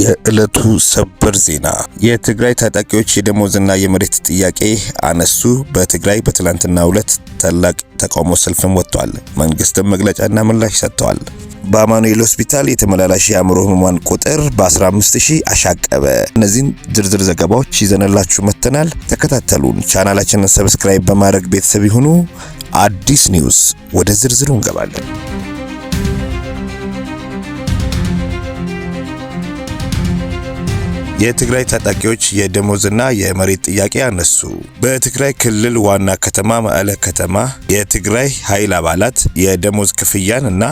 የዕለቱ ሰበር ዜና የትግራይ ታጣቂዎች የደሞዝና የመሬት ጥያቄ አነሱ። በትግራይ በትላንትናው ዕለት ታላቅ ተቃውሞ ሰልፍም ወጥቷል። መንግስትም መግለጫና ምላሽ ሰጥተዋል። በአማኑኤል ሆስፒታል የተመላላሽ የአእምሮ ህሙማን ቁጥር በ15000 አሻቀበ። እነዚህን ዝርዝር ዘገባዎች ይዘንላችሁ መጥተናል። ተከታተሉን። ቻናላችንን ሰብስክራይብ በማድረግ ቤተሰብ ይሁኑ። አዲስ ኒውስ ወደ ዝርዝሩ እንገባለን። የትግራይ ታጣቂዎች የደሞዝና የመሬት ጥያቄ አነሱ። በትግራይ ክልል ዋና ከተማ መቀለ ከተማ የትግራይ ኃይል አባላት የደሞዝ ክፍያን እና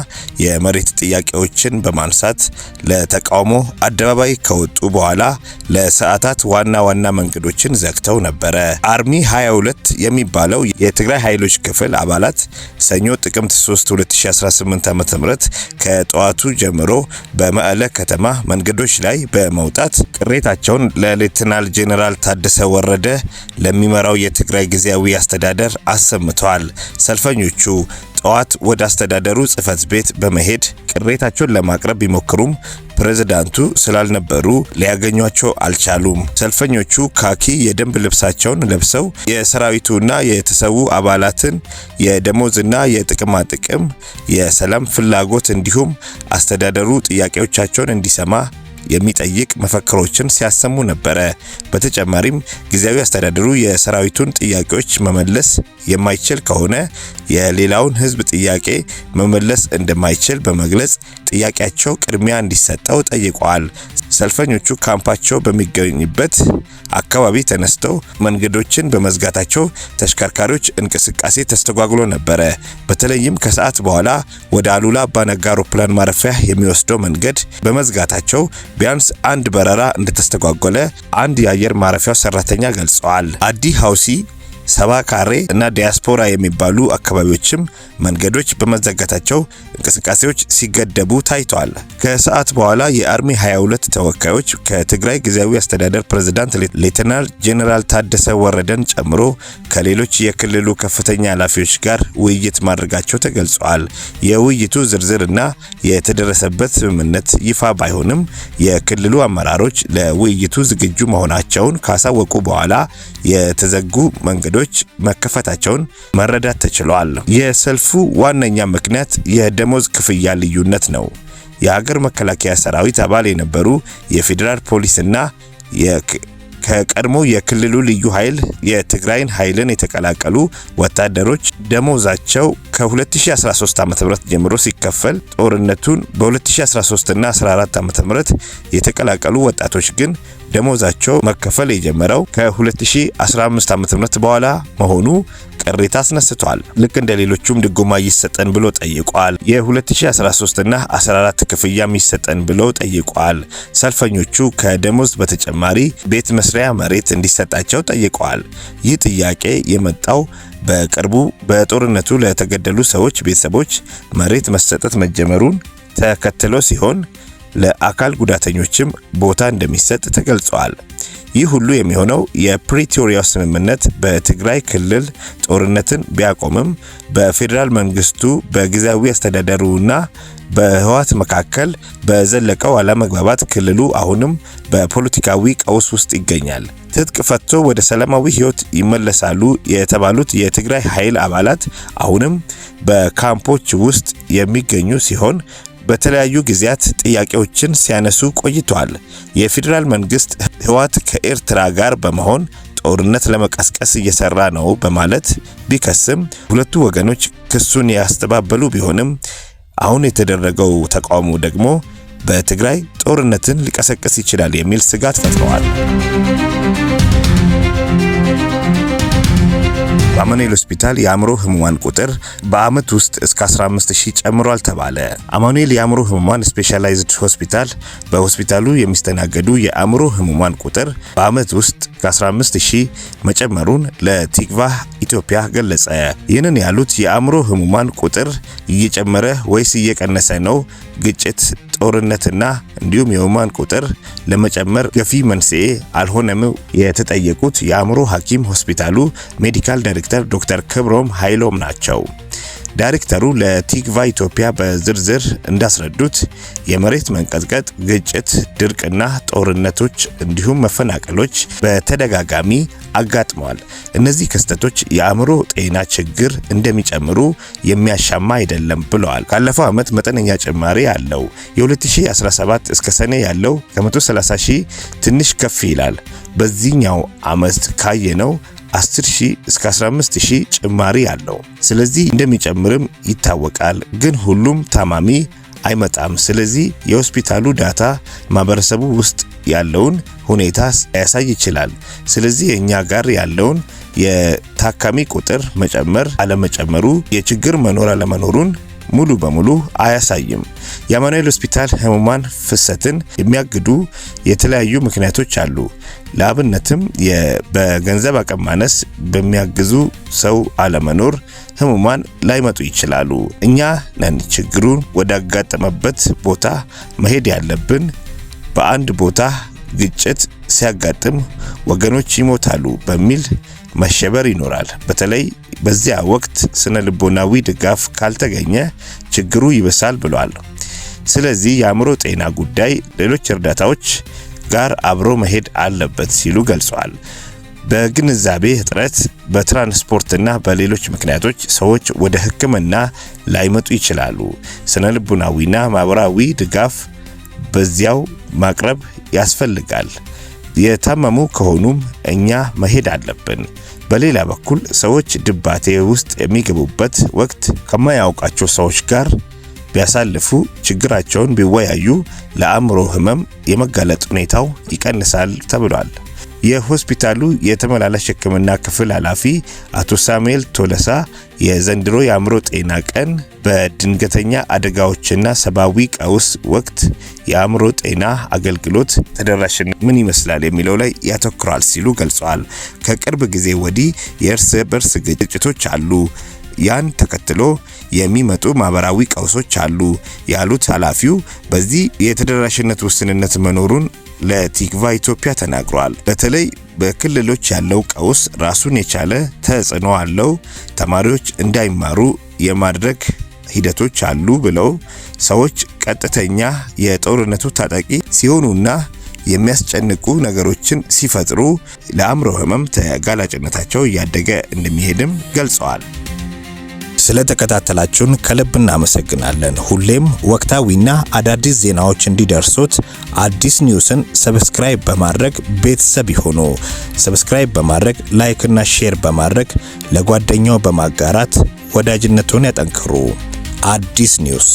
የመሬት ጥያቄዎችን በማንሳት ለተቃውሞ አደባባይ ከወጡ በኋላ ለሰዓታት ዋና ዋና መንገዶችን ዘግተው ነበረ። አርሚ 22 የሚባለው የትግራይ ኃይሎች ክፍል አባላት ሰኞ ጥቅምት 3 2018 ዓ.ም ከጠዋቱ ጀምሮ በመቀለ ከተማ መንገዶች ላይ በመውጣት ቅሬ ቅሬታቸውን ለሌትናል ጄኔራል ታደሰ ወረደ ለሚመራው የትግራይ ጊዜያዊ አስተዳደር አሰምተዋል። ሰልፈኞቹ ጠዋት ወደ አስተዳደሩ ጽህፈት ቤት በመሄድ ቅሬታቸውን ለማቅረብ ቢሞክሩም ፕሬዝዳንቱ ስላልነበሩ ሊያገኟቸው አልቻሉም። ሰልፈኞቹ ካኪ የደንብ ልብሳቸውን ለብሰው የሰራዊቱና የተሰዉ አባላትን የደሞዝና የጥቅማ ጥቅም፣ የሰላም ፍላጎት እንዲሁም አስተዳደሩ ጥያቄዎቻቸውን እንዲሰማ የሚጠይቅ መፈክሮችን ሲያሰሙ ነበረ። በተጨማሪም ጊዜያዊ አስተዳደሩ የሰራዊቱን ጥያቄዎች መመለስ የማይችል ከሆነ የሌላውን ሕዝብ ጥያቄ መመለስ እንደማይችል በመግለጽ ጥያቄያቸው ቅድሚያ እንዲሰጠው ጠይቀዋል። ሰልፈኞቹ ካምፓቸው በሚገኝበት አካባቢ ተነስተው መንገዶችን በመዝጋታቸው ተሽከርካሪዎች እንቅስቃሴ ተስተጓጉሎ ነበረ። በተለይም ከሰዓት በኋላ ወደ አሉላ አባነጋ አውሮፕላን ማረፊያ የሚወስደው መንገድ በመዝጋታቸው ቢያንስ አንድ በረራ እንደተስተጓጎለ አንድ የአየር ማረፊያው ሰራተኛ ገልጸዋል። አዲ ሀውሲ ሰባ ካሬ እና ዲያስፖራ የሚባሉ አካባቢዎችም መንገዶች በመዘጋታቸው እንቅስቃሴዎች ሲገደቡ ታይተዋል። ከሰዓት በኋላ የአርሚ 22 ተወካዮች ከትግራይ ጊዜያዊ አስተዳደር ፕሬዝዳንት ሌተናል ጄኔራል ታደሰ ወረደን ጨምሮ ከሌሎች የክልሉ ከፍተኛ ኃላፊዎች ጋር ውይይት ማድረጋቸው ተገልጿል። የውይይቱ ዝርዝር እና የተደረሰበት ስምምነት ይፋ ባይሆንም የክልሉ አመራሮች ለውይይቱ ዝግጁ መሆናቸውን ካሳወቁ በኋላ የተዘጉ መንገዶች መንገዶች መከፈታቸውን መረዳት ተችሏል። የሰልፉ ዋነኛ ምክንያት የደሞዝ ክፍያ ልዩነት ነው። የሀገር መከላከያ ሰራዊት አባል የነበሩ የፌዴራል ፖሊስና ከቀድሞ የክልሉ ልዩ ኃይል የትግራይን ኃይልን የተቀላቀሉ ወታደሮች ደሞዛቸው ከ2013 ዓ.ም ጀምሮ ሲከፈል ጦርነቱን በ2013 እና 14 ዓ.ም የተቀላቀሉ ወጣቶች ግን ደሞዛቸው መከፈል የጀመረው ከ2015 ዓ.ም በኋላ መሆኑ ቅሬታ አስነስቷል። ልክ እንደ ሌሎቹም ድጎማ ይሰጠን ብሎ ጠይቋል። የ2013 እና 14 ክፍያም ይሰጠን ብለው ጠይቋል። ሰልፈኞቹ ከደሞዝ በተጨማሪ ቤት መስሪያ መሬት እንዲሰጣቸው ጠይቀዋል። ይህ ጥያቄ የመጣው በቅርቡ በጦርነቱ ለተገደሉ ሰዎች ቤተሰቦች መሬት መሰጠት መጀመሩን ተከትሎ ሲሆን ለአካል ጉዳተኞችም ቦታ እንደሚሰጥ ተገልጿል። ይህ ሁሉ የሚሆነው የፕሪቶሪያ ስምምነት በትግራይ ክልል ጦርነትን ቢያቆምም በፌዴራል መንግስቱ በጊዜያዊ አስተዳደሩና በህወሓት መካከል በዘለቀው አለመግባባት ክልሉ አሁንም በፖለቲካዊ ቀውስ ውስጥ ይገኛል። ትጥቅ ፈቶ ወደ ሰላማዊ ህይወት ይመለሳሉ የተባሉት የትግራይ ኃይል አባላት አሁንም በካምፖች ውስጥ የሚገኙ ሲሆን በተለያዩ ጊዜያት ጥያቄዎችን ሲያነሱ ቆይተዋል። የፌዴራል መንግስት ህወሓት ከኤርትራ ጋር በመሆን ጦርነት ለመቀስቀስ እየሰራ ነው በማለት ቢከስም ሁለቱ ወገኖች ክሱን ያስተባበሉ ቢሆንም አሁን የተደረገው ተቃውሞ ደግሞ በትግራይ ጦርነትን ሊቀሰቅስ ይችላል የሚል ስጋት ፈጥረዋል። በአማኑኤል ሆስፒታል የአእምሮ ህሙማን ቁጥር በአመት ውስጥ እስከ 15000 ጨምሯል ተባለ። አማኑኤል የአእምሮ ህሙማን ስፔሻላይዝድ ሆስፒታል በሆስፒታሉ የሚስተናገዱ የአእምሮ ህሙማን ቁጥር በአመት ውስጥ ከ15000 መጨመሩን ለቲክቫ ኢትዮጵያ ገለጸ። ይህንን ያሉት የአእምሮ ህሙማን ቁጥር እየጨመረ ወይስ እየቀነሰ ነው? ግጭት ጦርነትና እንዲሁም የህሙማን ቁጥር ለመጨመር ገፊ መንስኤ አልሆነም? የተጠየቁት የአእምሮ ሐኪም ሆስፒታሉ ሜዲካል ዳይሬክተር ዶክተር ክብሮም ኃይሎም ናቸው። ዳይሬክተሩ ለቲግቫ ኢትዮጵያ በዝርዝር እንዳስረዱት የመሬት መንቀጥቀጥ፣ ግጭት፣ ድርቅና ጦርነቶች እንዲሁም መፈናቀሎች በተደጋጋሚ አጋጥመዋል። እነዚህ ክስተቶች የአእምሮ ጤና ችግር እንደሚጨምሩ የሚያሻማ አይደለም ብለዋል። ካለፈው ዓመት መጠነኛ ጭማሪ አለው የ2017 እስከ ሰኔ ያለው ከ130 ሺህ ትንሽ ከፍ ይላል። በዚህኛው ዓመት ካየነው 10ሺህ እስከ 15000 ጭማሪ አለው። ስለዚህ እንደሚጨምርም ይታወቃል። ግን ሁሉም ታማሚ አይመጣም። ስለዚህ የሆስፒታሉ ዳታ ማህበረሰቡ ውስጥ ያለውን ሁኔታ ያሳይ ይችላል። ስለዚህ እኛ ጋር ያለውን የታካሚ ቁጥር መጨመር አለመጨመሩ፣ የችግር መኖር አለመኖሩን ሙሉ በሙሉ አያሳይም። የአማኑኤል ሆስፒታል ህሙማን ፍሰትን የሚያግዱ የተለያዩ ምክንያቶች አሉ። ለአብነትም በገንዘብ አቅም ማነስ፣ በሚያግዙ ሰው አለመኖር ህሙማን ላይመጡ ይችላሉ። እኛ ነን ችግሩን ወዳጋጠመበት ቦታ መሄድ ያለብን። በአንድ ቦታ ግጭት ሲያጋጥም ወገኖች ይሞታሉ በሚል መሸበር ይኖራል። በተለይ በዚያ ወቅት ስነ ልቦናዊ ድጋፍ ካልተገኘ ችግሩ ይበሳል ብሏል። ስለዚህ የአእምሮ ጤና ጉዳይ ሌሎች እርዳታዎች ጋር አብሮ መሄድ አለበት ሲሉ ገልጸዋል። በግንዛቤ እጥረት በትራንስፖርትና በሌሎች ምክንያቶች ሰዎች ወደ ሕክምና ላይመጡ ይችላሉ። ስነ ልቡናዊና ማህበራዊ ድጋፍ በዚያው ማቅረብ ያስፈልጋል። የታመሙ ከሆኑም እኛ መሄድ አለብን። በሌላ በኩል ሰዎች ድባቴ ውስጥ የሚገቡበት ወቅት ከማያውቃቸው ሰዎች ጋር ቢያሳልፉ፣ ችግራቸውን ቢወያዩ ለአእምሮ ህመም የመጋለጥ ሁኔታው ይቀንሳል ተብሏል። የሆስፒታሉ የተመላላሽ ሕክምና ክፍል ኃላፊ አቶ ሳሙኤል ቶለሳ የዘንድሮ የአእምሮ ጤና ቀን በድንገተኛ አደጋዎችና ሰብአዊ ቀውስ ወቅት የአእምሮ ጤና አገልግሎት ተደራሽነት ምን ይመስላል የሚለው ላይ ያተኩራል ሲሉ ገልጸዋል። ከቅርብ ጊዜ ወዲህ የእርስ በርስ ግጭቶች አሉ። ያን ተከትሎ የሚመጡ ማህበራዊ ቀውሶች አሉ ያሉት ኃላፊው በዚህ የተደራሽነት ውስንነት መኖሩን ለቲክቫ ኢትዮጵያ ተናግሯል። በተለይ በክልሎች ያለው ቀውስ ራሱን የቻለ ተጽዕኖ አለው። ተማሪዎች እንዳይማሩ የማድረግ ሂደቶች አሉ ብለው ሰዎች ቀጥተኛ የጦርነቱ ታጣቂ ሲሆኑና የሚያስጨንቁ ነገሮችን ሲፈጥሩ ለአእምሮ ህመም ተጋላጭነታቸው እያደገ እንደሚሄድም ገልጸዋል። ስለተከታተላችሁን ከልብ እናመሰግናለን። ሁሌም ወቅታዊና አዳዲስ ዜናዎች እንዲደርሱት አዲስ ኒውስን ሰብስክራይብ በማድረግ ቤተሰብ ይሁኑ። ሰብስክራይብ በማድረግ ላይክና ሼር በማድረግ ለጓደኛው በማጋራት ወዳጅነቱን ያጠንክሩ። አዲስ ኒውስ